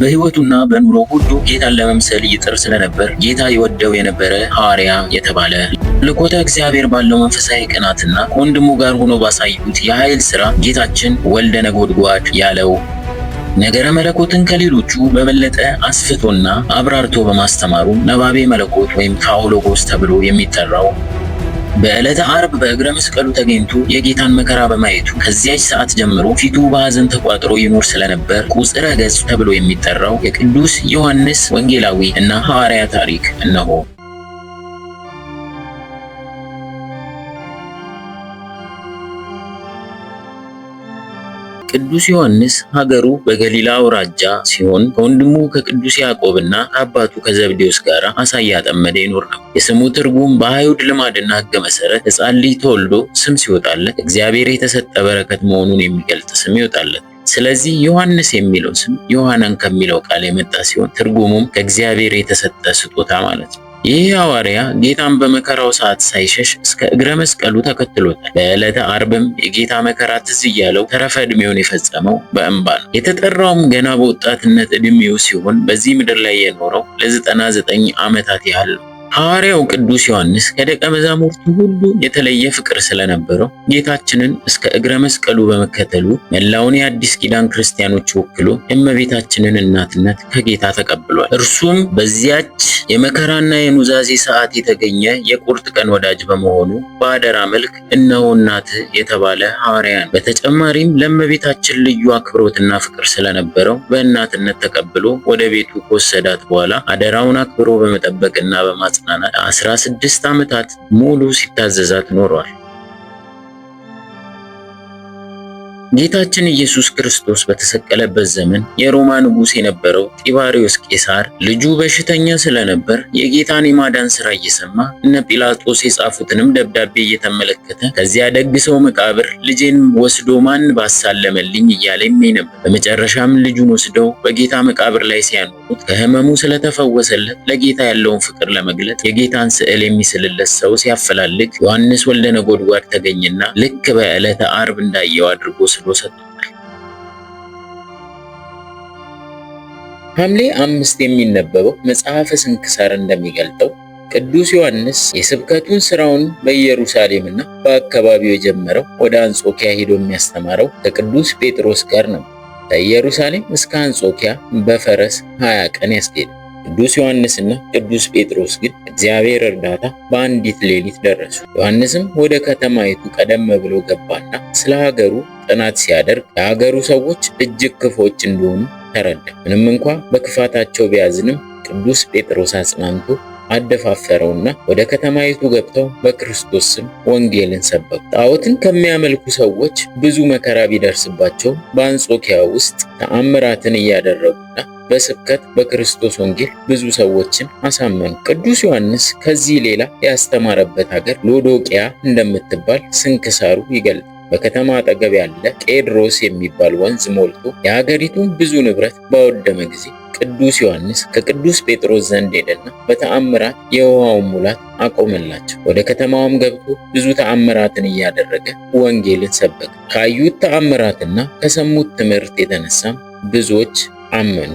በህይወቱና በኑሮ ሁሉ ጌታን ለመምሰል ይጥር ስለነበር ጌታ ይወደው የነበረ ሐዋርያ የተባለ ልኮተ እግዚአብሔር ባለው መንፈሳዊ ቅናትና ከወንድሙ ጋር ሆኖ ባሳዩት የኃይል ሥራ ጌታችን ወልደ ነጎድጓድ ያለው ነገረ መለኮትን ከሌሎቹ በበለጠ አስፍቶና አብራርቶ በማስተማሩ ነባቤ መለኮት ወይም ታኦሎጎስ ተብሎ የሚጠራው በዕለተ አርብ በእግረ መስቀሉ ተገኝቶ የጌታን መከራ በማየቱ ከዚያች ሰዓት ጀምሮ ፊቱ በሐዘን ተቋጥሮ ይኖር ስለነበር ቁጽረ ገጽ ተብሎ የሚጠራው የቅዱስ ዮሐንስ ወንጌላዊ እና ሐዋርያ ታሪክ እነሆ። ቅዱስ ዮሐንስ ሀገሩ በገሊላ አውራጃ ሲሆን ከወንድሙ ከቅዱስ ያዕቆብና ከአባቱ ከዘብዴዎስ ጋር አሳ እያጠመደ ይኖር ነው። የስሙ ትርጉም በአይሁድ ልማድና ሕገ መሰረት ሕፃን ልጅ ተወልዶ ስም ሲወጣለት እግዚአብሔር የተሰጠ በረከት መሆኑን የሚገልጽ ስም ይወጣለት። ስለዚህ ዮሐንስ የሚለው ስም ዮሐናን ከሚለው ቃል የመጣ ሲሆን ትርጉሙም ከእግዚአብሔር የተሰጠ ስጦታ ማለት ነው። ይህ ሐዋርያ ጌታን በመከራው ሰዓት ሳይሸሽ እስከ እግረ መስቀሉ ተከትሎታል። በዕለተ አርብም የጌታ መከራ ትዝ እያለው ተረፈ ዕድሜውን የፈጸመው በእንባ ነው። የተጠራውም ገና በወጣትነት ዕድሜው ሲሆን በዚህ ምድር ላይ የኖረው ለዘጠና ዘጠኝ ዓመታት ያህል ነው። ሐዋርያው ቅዱስ ዮሐንስ ከደቀ መዛሙርቱ ሁሉ የተለየ ፍቅር ስለነበረው ጌታችንን እስከ እግረ መስቀሉ በመከተሉ መላውን የአዲስ ኪዳን ክርስቲያኖች ወክሎ የእመቤታችንን እናትነት ከጌታ ተቀብሏል። እርሱም በዚያች የመከራና የኑዛዜ ሰዓት የተገኘ የቁርጥ ቀን ወዳጅ በመሆኑ በአደራ መልክ እነሆ እናት የተባለ ሐዋርያ ነው። በተጨማሪም ለእመቤታችን ልዩ አክብሮትና ፍቅር ስለነበረው በእናትነት ተቀብሎ ወደ ቤቱ ከወሰዳት በኋላ አደራውን አክብሮ በመጠበቅና በማ አስራ 16 ዓመታት ሙሉ ሲታዘዛት ኖሯል። ጌታችን ኢየሱስ ክርስቶስ በተሰቀለበት ዘመን የሮማ ንጉሥ የነበረው ጢባሪዮስ ቄሳር ልጁ በሽተኛ ስለነበር የጌታን የማዳን ሥራ እየሰማ እነ ጲላጦስ የጻፉትንም ደብዳቤ እየተመለከተ ከዚያ ደግ ሰው መቃብር ልጄን ወስዶ ማን ባሳለመልኝ እያለ ይሜ ነበር። በመጨረሻም ልጁን ወስደው በጌታ መቃብር ላይ ሲያኖሩት ከሕመሙ ስለተፈወሰለት ለጌታ ያለውን ፍቅር ለመግለጥ የጌታን ስዕል የሚስልለት ሰው ሲያፈላልግ ዮሐንስ ወልደ ነጎድጓድ ተገኘና ልክ በዕለተ አርብ እንዳየው አድርጎ አብስሎ ሰጥቷል። ሐምሌ አምስት የሚነበበው መጽሐፈ ስንክሳር እንደሚገልጠው ቅዱስ ዮሐንስ የስብከቱን ሥራውን በኢየሩሳሌምና በአካባቢው የጀመረው ወደ አንጾኪያ ሄዶ የሚያስተማረው ከቅዱስ ጴጥሮስ ጋር ነው። ከኢየሩሳሌም እስከ አንጾኪያ በፈረስ 20 ቀን ያስኬዳል። ቅዱስ ዮሐንስና ቅዱስ ጴጥሮስ ግን እግዚአብሔር እርዳታ በአንዲት ሌሊት ደረሱ። ዮሐንስም ወደ ከተማይቱ ቀደም ብሎ ገባና ስለ ሀገሩ ጥናት ሲያደርግ የሀገሩ ሰዎች እጅግ ክፎች እንደሆኑ ተረዳ። ምንም እንኳ በክፋታቸው ቢያዝንም ቅዱስ ጴጥሮስ አጽናንቶ አደፋፈረውና ወደ ከተማይቱ ገብተው በክርስቶስ ስም ወንጌልን ሰበኩ። ጣዖትን ከሚያመልኩ ሰዎች ብዙ መከራ ቢደርስባቸው በአንጾኪያ ውስጥ ተአምራትን እያደረጉና በስብከት በክርስቶስ ወንጌል ብዙ ሰዎችን አሳመኑ። ቅዱስ ዮሐንስ ከዚህ ሌላ ያስተማረበት ሀገር ሎዶቅያ እንደምትባል ስንክሳሩ ይገልጣል። በከተማ አጠገብ ያለ ቄድሮስ የሚባል ወንዝ ሞልቶ የሀገሪቱን ብዙ ንብረት ባወደመ ጊዜ ቅዱስ ዮሐንስ ከቅዱስ ጴጥሮስ ዘንድ ሄደና በተአምራት የውሃውን ሙላት አቆመላቸው። ወደ ከተማውም ገብቶ ብዙ ተአምራትን እያደረገ ወንጌልን ሰበከ። ካዩት ተአምራትና ከሰሙት ትምህርት የተነሳም ብዙዎች አመኑ።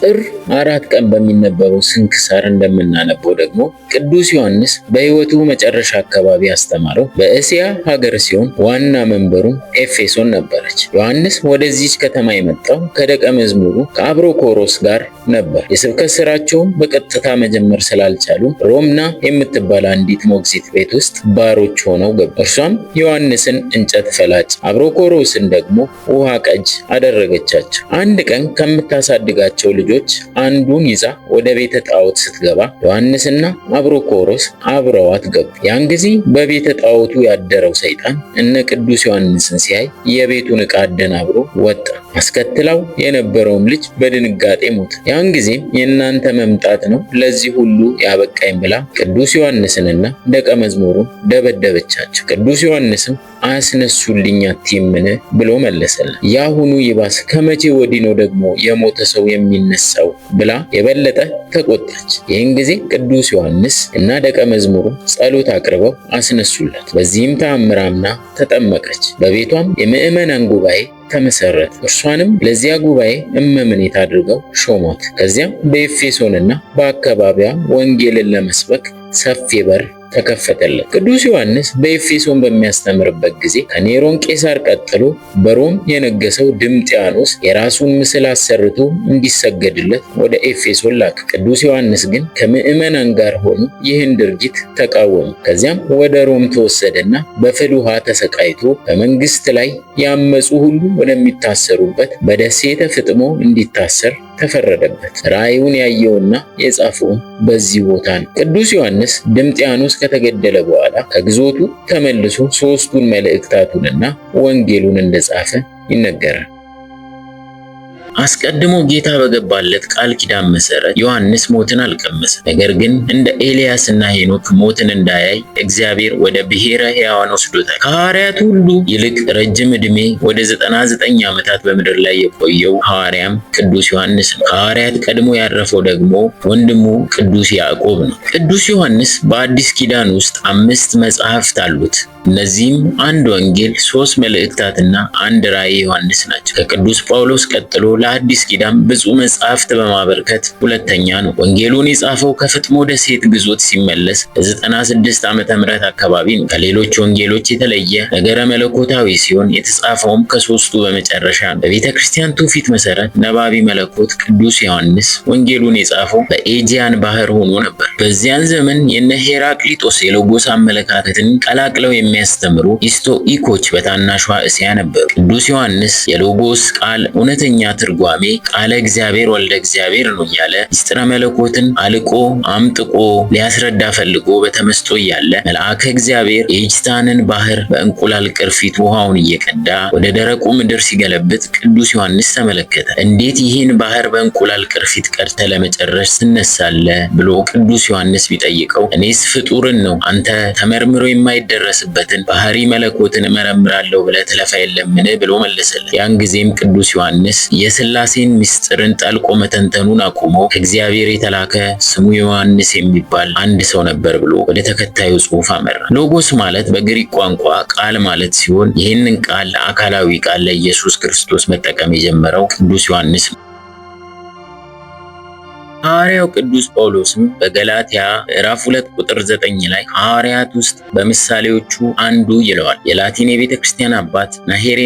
ጥር አራት ቀን በሚነበበው ስንክሳር እንደምናነበው ደግሞ ቅዱስ ዮሐንስ በሕይወቱ መጨረሻ አካባቢ ያስተማረው በእስያ ሀገር ሲሆን ዋና መንበሩም ኤፌሶን ነበረች። ዮሐንስ ወደዚች ከተማ የመጣው ከደቀ መዝሙሩ ከአብሮኮሮስ ጋር ነበር። የስብከት ስራቸውም በቀጥታ መጀመር ስላልቻሉ ሮምና የምትባል አንዲት ሞግዚት ቤት ውስጥ ባሮች ሆነው ገቡ። እርሷም ዮሐንስን እንጨት ፈላጭ፣ አብሮኮሮስን ደግሞ ውሃ ቀጅ አደረገቻቸው። አንድ ቀን ከምታሳድጋቸው ልጆች አንዱን ይዛ ወደ ቤተ ጣዖት ስትገባ ዮሐንስና አብሮኮሮስ አብረዋት ገቡ። ያን ጊዜ በቤተ ጣዖቱ ያደረው ሰይጣን እነ ቅዱስ ዮሐንስን ሲያይ የቤቱን ዕቃ አደናብሮ ወጣ። አስከትለው የነበረውም ልጅ በድንጋጤ ሞተ። ያን ጊዜም የእናንተ መምጣት ነው ለዚህ ሁሉ ያበቃኝ ብላ ቅዱስ ዮሐንስንና ደቀ መዝሙሩን ደበደበቻቸው። ቅዱስ ዮሐንስም አያስነሱልኝ አትይምን ብሎ መለሰላት። የአሁኑ ይባስ ከመቼ ወዲህ ነው ደግሞ የሞተ ሰው የሚነሳው ብላ የበለጠ ተቆጣች። ይህን ጊዜ ቅዱስ ዮሐንስ እና ደቀ መዝሙሩ ጸሎት አቅርበው አስነሱላት። በዚህም ተአምራምና ተጠመቀች። በቤቷም የምዕመናን ጉባኤ ተመሰረቱ። እርሷንም ለዚያ ጉባኤ እመምኔት አድርገው ሾሟት። ከዚያም በኤፌሶንና በአካባቢያ ወንጌልን ለመስበክ ሰፊ በር ተከፈተለት። ቅዱስ ዮሐንስ በኤፌሶን በሚያስተምርበት ጊዜ ከኔሮን ቄሳር ቀጥሎ በሮም የነገሰው ድምጥያኖስ የራሱን ምስል አሰርቶ እንዲሰገድለት ወደ ኤፌሶን ላከ። ቅዱስ ዮሐንስ ግን ከምዕመናን ጋር ሆኖ ይህን ድርጊት ተቃወሙ። ከዚያም ወደ ሮም ተወሰደና በፍል ውሃ ተሰቃይቶ በመንግስት ላይ ያመፁ ሁሉ ወደሚታሰሩበት በደሴተ ፍጥሞ እንዲታሰር ተፈረደበት። ራእዩን ያየውና የጻፈውን በዚህ ቦታ ነው። ቅዱስ ዮሐንስ ድምጥያኖስ ከተገደለ በኋላ ከግዞቱ ተመልሶ ሦስቱን መልእክታቱንና ወንጌሉን እንደጻፈ ይነገራል። አስቀድሞ ጌታ በገባለት ቃል ኪዳን መሰረት ዮሐንስ ሞትን አልቀመሰ። ነገር ግን እንደ እና ሄኖክ ሞትን እንዳያይ እግዚአብሔር ወደ ብሔረ ሕያዋን ወስዶታል። ከሐዋርያት ሁሉ ይልቅ ረጅም ዕድሜ ወደ 99 ዓመታት በምድር ላይ የቆየው ሐዋርያም ቅዱስ ዮሐንስ ነው። ከሐዋርያት ቀድሞ ያረፈው ደግሞ ወንድሙ ቅዱስ ያዕቆብ ነው። ቅዱስ ዮሐንስ በአዲስ ኪዳን ውስጥ አምስት መጽሐፍት አሉት። እነዚህም አንድ ወንጌል፣ ሶስት መልእክታትና አንድ ራእይ ዮሐንስ ናቸው። ከቅዱስ ጳውሎስ ቀጥሎ ለአዲስ ኪዳን ብፁዕ መጻሕፍት በማበርከት ሁለተኛ ነው። ወንጌሉን የጻፈው ከፍጥሞ ደሴት ግዞት ሲመለስ በ96 ዓመተ ምህረት አካባቢ ነው። ከሌሎች ወንጌሎች የተለየ ነገረ መለኮታዊ ሲሆን የተጻፈውም ከሶስቱ በመጨረሻ ነው። በቤተ ክርስቲያን ትውፊት መሰረት ነባቢ መለኮት ቅዱስ ዮሐንስ ወንጌሉን የጻፈው በኤጂያን ባህር ሆኖ ነበር። በዚያን ዘመን የነ ሄራቅሊጦስ የሎጎስ አመለካከትን ቀላቅለው የሚያስተምሩ ኢስቶኢኮች በታናሿ እስያ ነበሩ። ቅዱስ ዮሐንስ የሎጎስ ቃል እውነተኛ ትርጉ ትርጓሜ ቃለ እግዚአብሔር ወልደ እግዚአብሔር ነው እያለ ምስጢረ መለኮትን አልቆ አምጥቆ ሊያስረዳ ፈልጎ በተመስጦ እያለ መልአከ እግዚአብሔር የኢጅታንን ባህር በእንቁላል ቅርፊት ውሃውን እየቀዳ ወደ ደረቁ ምድር ሲገለብጥ ቅዱስ ዮሐንስ ተመለከተ። እንዴት ይህን ባህር በእንቁላል ቅርፊት ቀድተ ለመጨረስ ትነሳለ? ብሎ ቅዱስ ዮሐንስ ቢጠይቀው እኔስ ፍጡርን ነው አንተ ተመርምሮ የማይደረስበትን ባህሪ መለኮትን እመረምራለሁ ብለ ትለፋ የለምን? ብሎ መለሰለት። ያን ጊዜም ቅዱስ ዮሐንስ የሥላሴን ምስጢርን ጠልቆ መተንተኑን አቁሞ ከእግዚአብሔር የተላከ ስሙ ዮሐንስ የሚባል አንድ ሰው ነበር ብሎ ወደ ተከታዩ ጽሑፍ አመራ። ሎጎስ ማለት በግሪክ ቋንቋ ቃል ማለት ሲሆን ይህንን ቃል አካላዊ ቃል ለኢየሱስ ክርስቶስ መጠቀም የጀመረው ቅዱስ ዮሐንስ ነው። ሐዋርያው ቅዱስ ጳውሎስም በገላትያ ምዕራፍ 2 ቁጥር 9 ላይ ሐዋርያት ውስጥ በምሳሌዎቹ አንዱ ይለዋል። የላቲን የቤተ ክርስቲያን አባት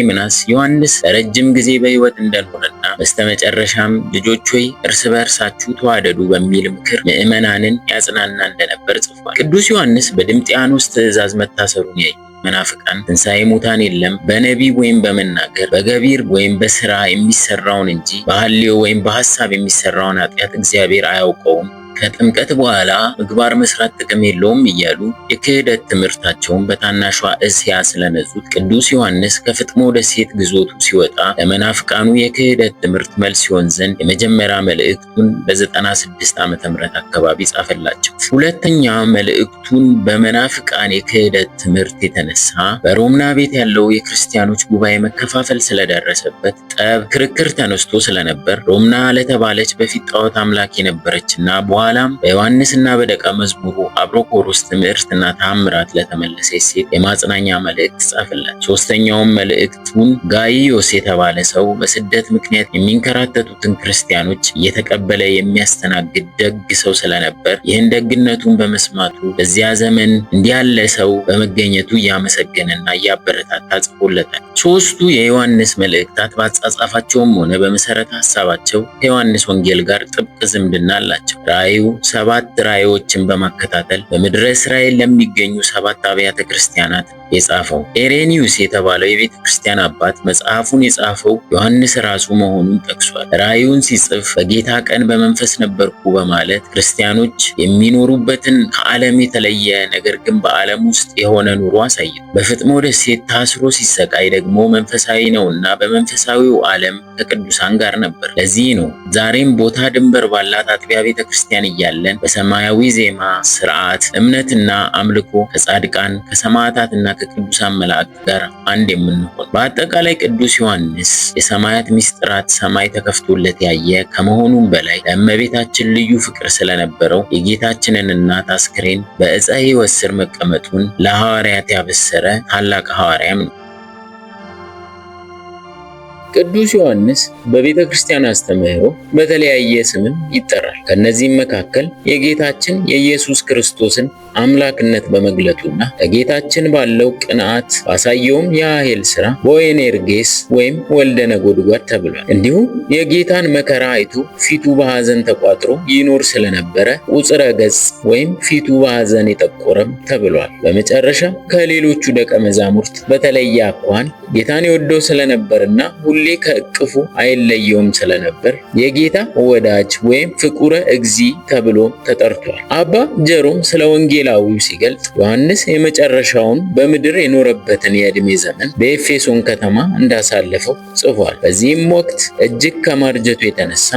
ምናስ ዮሐንስ ረጅም ጊዜ በሕይወት እንዳልሆነና በስተመጨረሻም ልጆች ሆይ እርስ በእርሳችሁ ተዋደዱ በሚል ምክር ምዕመናንን ያጽናና እንደነበር ጽፏል። ቅዱስ ዮሐንስ በድምጥያኖስ ትእዛዝ መታሰሩን ያዩ መናፍቃን ትንሣኤ ሙታን የለም በነቢ ወይም በመናገር በገቢር ወይም በስራ የሚሰራውን እንጂ በሐልዮ ወይም በሐሳብ የሚሰራውን ኃጢአት እግዚአብሔር አያውቀውም፣ ከጥምቀት በኋላ ምግባር መስራት ጥቅም የለውም እያሉ የክህደት ትምህርታቸውን በታናሿ እስያ ስለነጹት ቅዱስ ዮሐንስ ከፍጥሞ ደሴት ግዞቱ ሲወጣ ለመናፍቃኑ የክህደት ትምህርት መልስ ሲሆን ዘንድ የመጀመሪያ መልእክቱን በ96 ዓ ም አካባቢ ጻፈላቸው። ሁለተኛ መልእክቱን በመናፍቃን የክህደት ትምህርት የተነሳ በሮምና ቤት ያለው የክርስቲያኖች ጉባኤ መከፋፈል ስለደረሰበት ጠብ፣ ክርክር ተነስቶ ስለነበር ሮምና ለተባለች በፊት ጣዖት አምላክ የነበረችና በኋላም በዮሐንስና በደቀ መዝሙሩ አብሮኮሮስ ትምህርትና ታምራት ለተመለሰች ሴት የማጽናኛ መልእክት ጻፍላት። ሶስተኛውም መልእክቱን ጋይዮስ የተባለ ሰው በስደት ምክንያት የሚንከራተቱትን ክርስቲያኖች እየተቀበለ የሚያስተናግድ ደግ ሰው ስለነበር ይህን ደግ ደግነቱን በመስማቱ በዚያ ዘመን እንዲያለ ሰው በመገኘቱ እያመሰገነና እያበረታታ ጽፎለታል። ሶስቱ የዮሐንስ መልእክታት በአጻጻፋቸውም ሆነ በመሰረተ ሀሳባቸው ከዮሐንስ ወንጌል ጋር ጥብቅ ዝምድና አላቸው። ራእዩ ሰባት ራእዮችን በማከታተል በምድረ እስራኤል ለሚገኙ ሰባት አብያተ ክርስቲያናት የጻፈው። ኤሬኒዩስ የተባለው የቤተ ክርስቲያን አባት መጽሐፉን የጻፈው ዮሐንስ ራሱ መሆኑን ጠቅሷል። ራእዩን ሲጽፍ በጌታ ቀን በመንፈስ ነበርኩ በማለት ክርስቲያኖች የሚኖሩበትን ከዓለም የተለየ ነገር ግን በዓለም ውስጥ የሆነ ኑሮ አሳይቷል። በፍጥሞ ደሴት ታስሮ ሲሰቃይ ደግሞ መንፈሳዊ ነውና በመንፈሳዊው ዓለም ከቅዱሳን ጋር ነበር። ለዚህ ነው ዛሬም ቦታ ድንበር ባላት አጥቢያ ቤተ ክርስቲያን እያለን በሰማያዊ ዜማ፣ ስርዓት፣ እምነትና አምልኮ ከጻድቃን ከሰማዕታትና ከቅዱሳን መላእክት ጋር አንድ የምንሆን በአጠቃላይ ቅዱስ ዮሐንስ የሰማያት ምስጢራት ሰማይ ተከፍቶለት ያየ ከመሆኑም በላይ ለእመቤታችን ልዩ ፍቅር ስለነበረው የጌታችንን እናት አስክሬን በእፀ ሕይወት ስር መቀመጡን ለሐዋርያት ያበሰረ ታላቅ ሐዋርያም ነው። ቅዱስ ዮሐንስ በቤተ ክርስቲያን አስተምህሮ በተለያየ ስምም ይጠራል። ከእነዚህም መካከል የጌታችን የኢየሱስ ክርስቶስን አምላክነት በመግለጡና ለጌታችን ባለው ቅንዓት ባሳየውም የአሄል ሥራ ቦኤኔርጌስ ወይም ወልደ ነጎድጓድ ተብሏል። እንዲሁም የጌታን መከራ አይቶ ፊቱ በሐዘን ተቋጥሮ ይኖር ስለነበረ ቁጽረ ገጽ ወይም ፊቱ በሐዘን የጠቆረም ተብሏል። በመጨረሻ ከሌሎቹ ደቀ መዛሙርት በተለየ አኳን ጌታን የወደው ስለነበርና ሁሌ ከእቅፉ አይለየውም ስለነበር የጌታ ወዳጅ ወይም ፍቁረ እግዚ ተብሎ ተጠርቷል። አባ ጀሮም ስለ ወንጌላዊው ሲገልጽ ዮሐንስ የመጨረሻውን በምድር የኖረበትን የዕድሜ ዘመን በኤፌሶን ከተማ እንዳሳለፈው ጽፏል። በዚህም ወቅት እጅግ ከማርጀቱ የተነሳ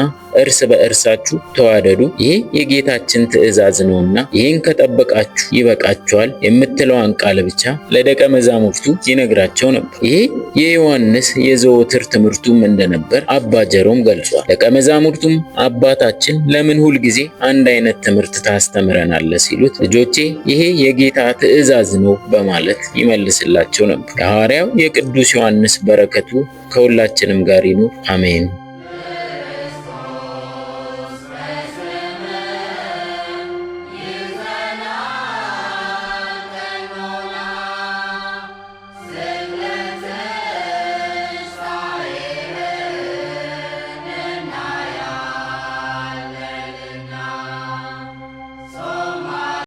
እርስ በእርሳችሁ ተዋደዱ፣ ይህ የጌታችን ትእዛዝ ነውና ይህን ከጠበቃችሁ ይበቃችኋል የምትለዋን ቃል ብቻ ለደቀ መዛሙርቱ ይነግራቸው ነበር። ይሄ የዮሐንስ የዘወትር ትምህርቱም እንደነበር አባ ጀሮም ገልጿል። ደቀ መዛሙርቱም አባታችን ለምን ጊዜ አንድ አይነት ትምህርት ታስተምረናለ ሲሉት ልጆቼ ይሄ የጌታ ትእዛዝ ነው በማለት ይመልስላቸው ነበር። የሐዋርያው የቅዱስ ዮሐንስ በረከቱ ከሁላችንም ጋር ይኑር፣ አሜን።